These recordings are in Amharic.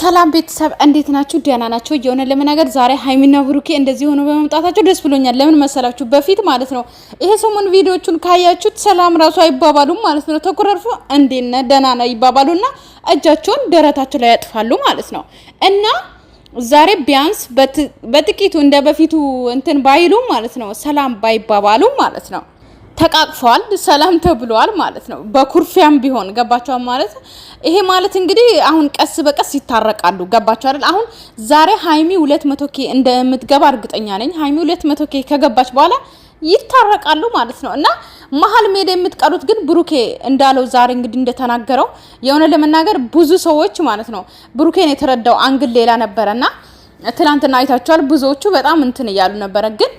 ሰላም ቤተሰብ እንዴት ናችሁ? ደህና ናቸው። እየሆነ ለመናገር ዛሬ ሀይሚና ብሩኬ እንደዚህ ሆኖ በመምጣታቸው ደስ ብሎኛል። ለምን መሰላችሁ? በፊት ማለት ነው ይሄ ሰሞን ቪዲዮቹን ካያችሁት ሰላም ራሱ አይባባሉም ማለት ነው። ተኮራርፎ እንዴነ ደህና ይባባሉና እጃቸውን ደረታቸው ላይ ያጥፋሉ ማለት ነው እና ዛሬ ቢያንስ በጥቂቱ እንደ በፊቱ እንትን ባይሉ ማለት ነው ሰላም ባይባባሉ ማለት ነው ተቃቅፏል፣ ሰላም ተብሏል ማለት ነው። በኩርፊያም ቢሆን ገባቸዋል ማለት ይሄ ማለት እንግዲህ አሁን ቀስ በቀስ ይታረቃሉ። ገባቸው አይደል? አሁን ዛሬ ሀይሚ ሁለት መቶ ኬ እንደምትገባ እርግጠኛ ነኝ። ሀይሚ ሁለት መቶ ኬ ከገባች በኋላ ይታረቃሉ ማለት ነው። እና መሀል ሜዳ የምትቀሩት ግን ብሩኬ እንዳለው ዛሬ እንግዲህ እንደተናገረው የሆነ ለመናገር ብዙ ሰዎች ማለት ነው ብሩኬን የተረዳው አንግል ሌላ ነበረ እና ትናንትና አይታችኋል። ብዙዎቹ በጣም እንትን እያሉ ነበረ ግን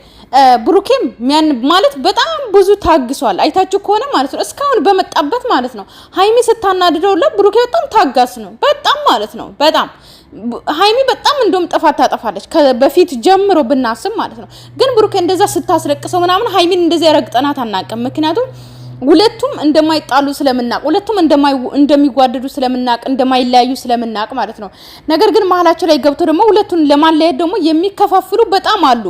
ብሩኬም ሚያን ማለት በጣም ብዙ ታግሷል። አይታችሁ ከሆነ ማለት ነው እስካሁን በመጣበት ማለት ነው ሀይሚ ስታናድደው ብሩኬ በጣም ታጋስ ነው። በጣም ማለት ነው በጣም ሀይሚ በጣም እንደውም ጥፋት ታጠፋለች ከበፊት ጀምሮ ብናስብ ማለት ነው። ግን ብሩኬ እንደዛ ስታስለቅሰው ምናምን ሀይሚን እንደዚያ ረግጠናት አናውቅም ምክንያቱም ሁለቱም እንደማይጣሉ ስለምናቅ ሁለቱም እንደሚዋደዱ ስለምናቅ እንደማይለያዩ ስለምናቅ ማለት ነው። ነገር ግን መሀላቸው ላይ ገብቶ ደግሞ ሁለቱን ለማለያየት ደግሞ የሚከፋፍሉ በጣም አሉ፣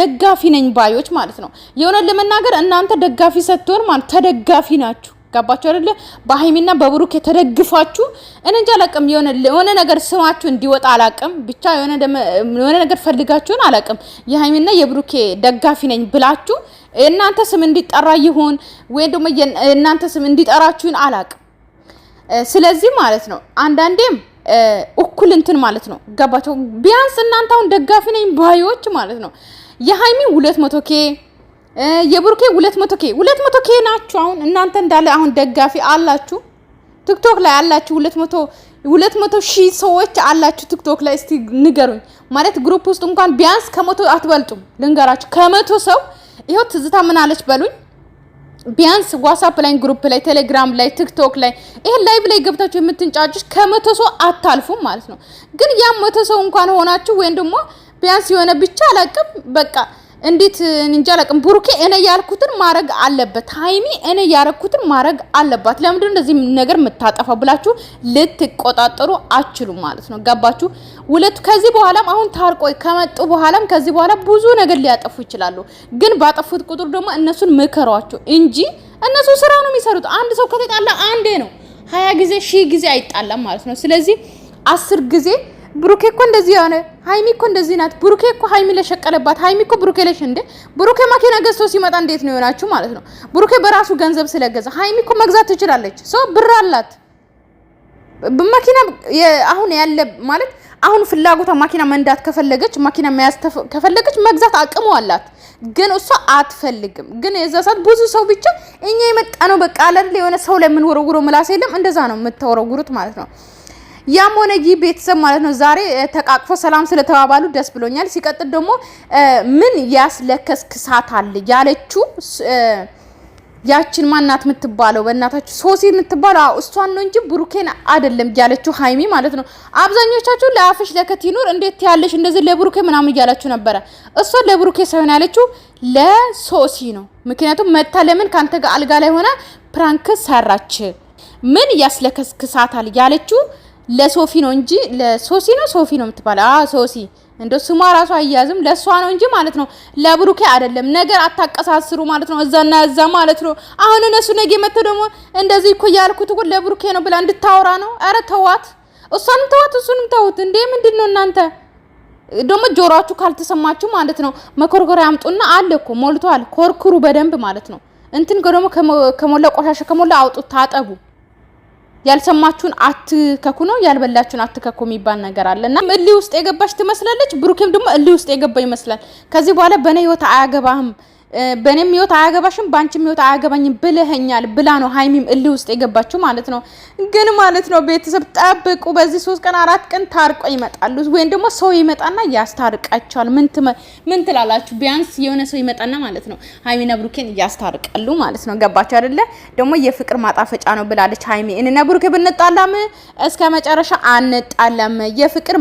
ደጋፊ ነኝ ባዮች ማለት ነው። የሆነ ለመናገር እናንተ ደጋፊ ሰጥቶን ማለት ተደጋፊ ናችሁ። ገባችሁ አይደለ? በሀይሚና በብሩክ የተደግፋችሁ እኔ እንጃ አላቅም። የሆነ ነገር ስማችሁ እንዲወጣ አላቅም። ብቻ የሆነ ነገር ፈልጋችሁን አላቅም። የሀይሚና የብሩኬ ደጋፊ ነኝ ብላችሁ እናንተ ስም እንዲጠራ ይሁን ወይም ደግሞ እናንተ ስም እንዲጠራችሁን አላቅም። ስለዚህ ማለት ነው አንዳንዴም እኩል እንትን ማለት ነው ገባቸው። ቢያንስ እናንተ አሁን ደጋፊ ነኝ ባዮች ማለት ነው የሀይሚ ሁለት መቶ ኬ የቡርኬ 200 ኬ 200 መቶ ኬ ናችሁ። አሁን እናንተ እንዳለ አሁን ደጋፊ አላችሁ ቲክቶክ ላይ አላችሁ 200 200 ሺህ ሰዎች አላችሁ ቲክቶክ ላይ። እስቲ ንገሩኝ ማለት ግሩፕ ውስጥ እንኳን ቢያንስ ከመቶ አትበልጡም። ልንገራችሁ ከመቶ ሰው ይኸው ትዝታ አለች በሉኝ። ቢያንስ ዋትስአፕ ላይ፣ ግሩፕ ላይ፣ ቴሌግራም ላይ፣ ቲክቶክ ላይ ይሄ ላይቭ ላይ ገብታችሁ የምትንጫጩት ከመቶ ሰው አታልፉም ማለት ነው። ግን ያ መቶ ሰው እንኳን ሆናችሁ ወይም ደግሞ ቢያንስ የሆነ ብቻ አላቅም በቃ እንዴት እንጃ አላውቅም። ብሩኬ እኔ ያልኩትን ማድረግ አለበት፣ ሀይሚ እኔ ያረኩትን ማድረግ አለባት። ለምንድን እንደዚህ ነገር የምታጠፋው ብላችሁ ልትቆጣጠሩ አችሉ ማለት ነው። ገባችሁ? ሁለቱ ከዚህ በኋላም አሁን ታርቆ ከመጡ በኋላም ከዚህ በኋላ ብዙ ነገር ሊያጠፉ ይችላሉ። ግን ባጠፉት ቁጥር ደግሞ እነሱን ምከሯቸው እንጂ እነሱ ስራ ነው የሚሰሩት። አንድ ሰው ከተጣላ አንዴ ነው፣ ሀያ ጊዜ ሺህ ጊዜ አይጣላም ማለት ነው። ስለዚህ አስር ጊዜ ብሩኬ እኮ እንደዚህ የሆነ ሀይሚ እኮ እንደዚህ ናት። ብሩኬ እኮ ሀይሚ ለሸቀለባት፣ ሀይሚ እኮ ብሩኬ ለሽ እንዴ ብሩኬ መኪና ገዝቶ ሲመጣ እንዴት ነው የሆናችሁ ማለት ነው? ብሩኬ በራሱ ገንዘብ ስለገዛ ሀይሚ እኮ መግዛት ትችላለች። ሰው ብር አላት። መኪና አሁን ያለ ማለት አሁን ፍላጎቷ መኪና መንዳት ከፈለገች መኪና መያዝ ከፈለገች መግዛት አቅሙ አላት። ግን እሷ አትፈልግም። ግን የዛ ሰዓት ብዙ ሰው ብቻ እኛ የመጣ ነው በቃ አለ የሆነ ሰው ላይ የምንወረውረው ምላስ የለም። እንደዛ ነው የምታወረውሩት ማለት ነው። ያም ሆነ ይህ ቤተሰብ ማለት ነው ዛሬ ተቃቅፎ ሰላም ስለተባባሉ ደስ ብሎኛል። ሲቀጥል ደግሞ ምን ያስለከስ ክሳት አለ ያለችው ያችን ማናት የምትባለው በእናታችሁ ሶሲ የምትባለው እሷን ነው እንጂ ብሩኬን አይደለም እያለችው ሀይሚ ማለት ነው። አብዛኞቻችሁ ለአፍሽ ለከት ይኑር እንዴት ያለሽ እንደዚህ ለብሩኬ ምናምን እያላችሁ ነበረ። እሷ ለብሩኬ ሳይሆን ያለችው ለሶሲ ነው። ምክንያቱም መታ ለምን ከአንተ ጋር አልጋ ላይ ሆነ ፕራንክ ሰራች ምን ያስለከስክሳታል ያለችው ለሶፊ ነው እንጂ ለሶሲ ነው ሶፊ ነው የምትባለው። አዎ ሶሲ እንደ ስሟ ራሱ አያያዝም ለእሷ ነው እንጂ ማለት ነው፣ ለብሩኬ አይደለም። ነገር አታቀሳስሩ ማለት ነው፣ እዛና እዛ ማለት ነው። አሁን እነሱ ነገ መተው ደግሞ እንደዚህ እኮ ያልኩት እኮ ለብሩኬ ነው ብላ እንድታወራ ነው። አረ ተዋት፣ እሷንም ተዋት፣ እሱንም ተውት። እንዴ ምንድን ነው እናንተ ደግሞ ጆሮአችሁ ካልተሰማችሁ ማለት ነው፣ መኮርኮሪያ አምጡና አለ እኮ ሞልቷል፣ ኮርክሩ በደንብ ማለት ነው። እንትን ደግሞ ከሞላ ቆሻሻ ከሞላ አውጡ ታጠቡ። ያልሰማችሁን አትከኩ ነው ያልበላችሁን አትከኩ የሚባል ነገር አለ እና እልህ ውስጥ የገባች ትመስላለች። ብሩኬም ደግሞ እልህ ውስጥ የገባ ይመስላል። ከዚህ በኋላ በእኔ ህይወት አያገባህም በእኔም ህይወት አያገባሽም በአንቺም ህይወት አያገባኝም ብልህኛል ብላ ነው ሀይሚም እልህ ውስጥ የገባችው ማለት ነው። ግን ማለት ነው ቤተሰብ ጠብቁ። በዚህ ሶስት ቀን አራት ቀን ታርቆ ይመጣሉ፣ ወይም ደግሞ ሰው ይመጣና ያስታርቃቸዋል። ምን ትላላችሁ? ቢያንስ የሆነ ሰው ይመጣና ማለት ነው ሀይሚና ብሩኬን እያስታርቃሉ ማለት ነው። ገባችሁ አይደለ? ደግሞ የፍቅር ማጣፈጫ ነው ብላለች ሀይሚ። እኔና ብሩኬ ብንጣላም እስከ መጨረሻ አንጣላም፣ የፍቅር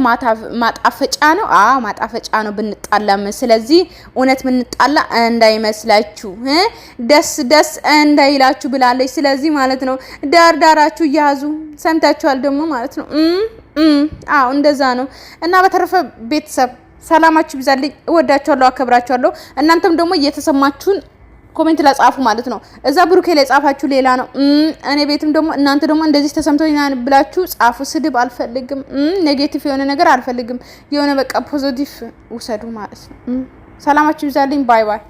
ማጣፈጫ ነው። አዎ ማጣፈጫ ነው ብንጣላም። ስለዚህ እውነት ምንጣላ ። እንዳይ እንዳይመስላችሁ ደስ ደስ እንዳይላችሁ ብላለች። ስለዚህ ማለት ነው ዳርዳራችሁ እያያዙ ሰምታችኋል ደግሞ ማለት ነው። አዎ እንደዛ ነው እና በተረፈ ቤተሰብ ሰላማችሁ ብዛልኝ። እወዳችኋለሁ፣ አከብራችኋለሁ። እናንተም ደግሞ እየተሰማችሁን ኮሜንት ላይ ጻፉ ማለት ነው። እዛ ብሩኬ ላይ ጻፋችሁ ሌላ ነው። እኔ ቤትም ደግሞ እናንተ ደግሞ እንደዚህ ተሰምቶኛል ብላችሁ ጻፉ። ስድብ አልፈልግም፣ ኔጌቲቭ የሆነ ነገር አልፈልግም። የሆነ በቃ ፖዚቲቭ ውሰዱ ማለት ነው። ሰላማችሁ ይብዛልኝ። ባይ ባይ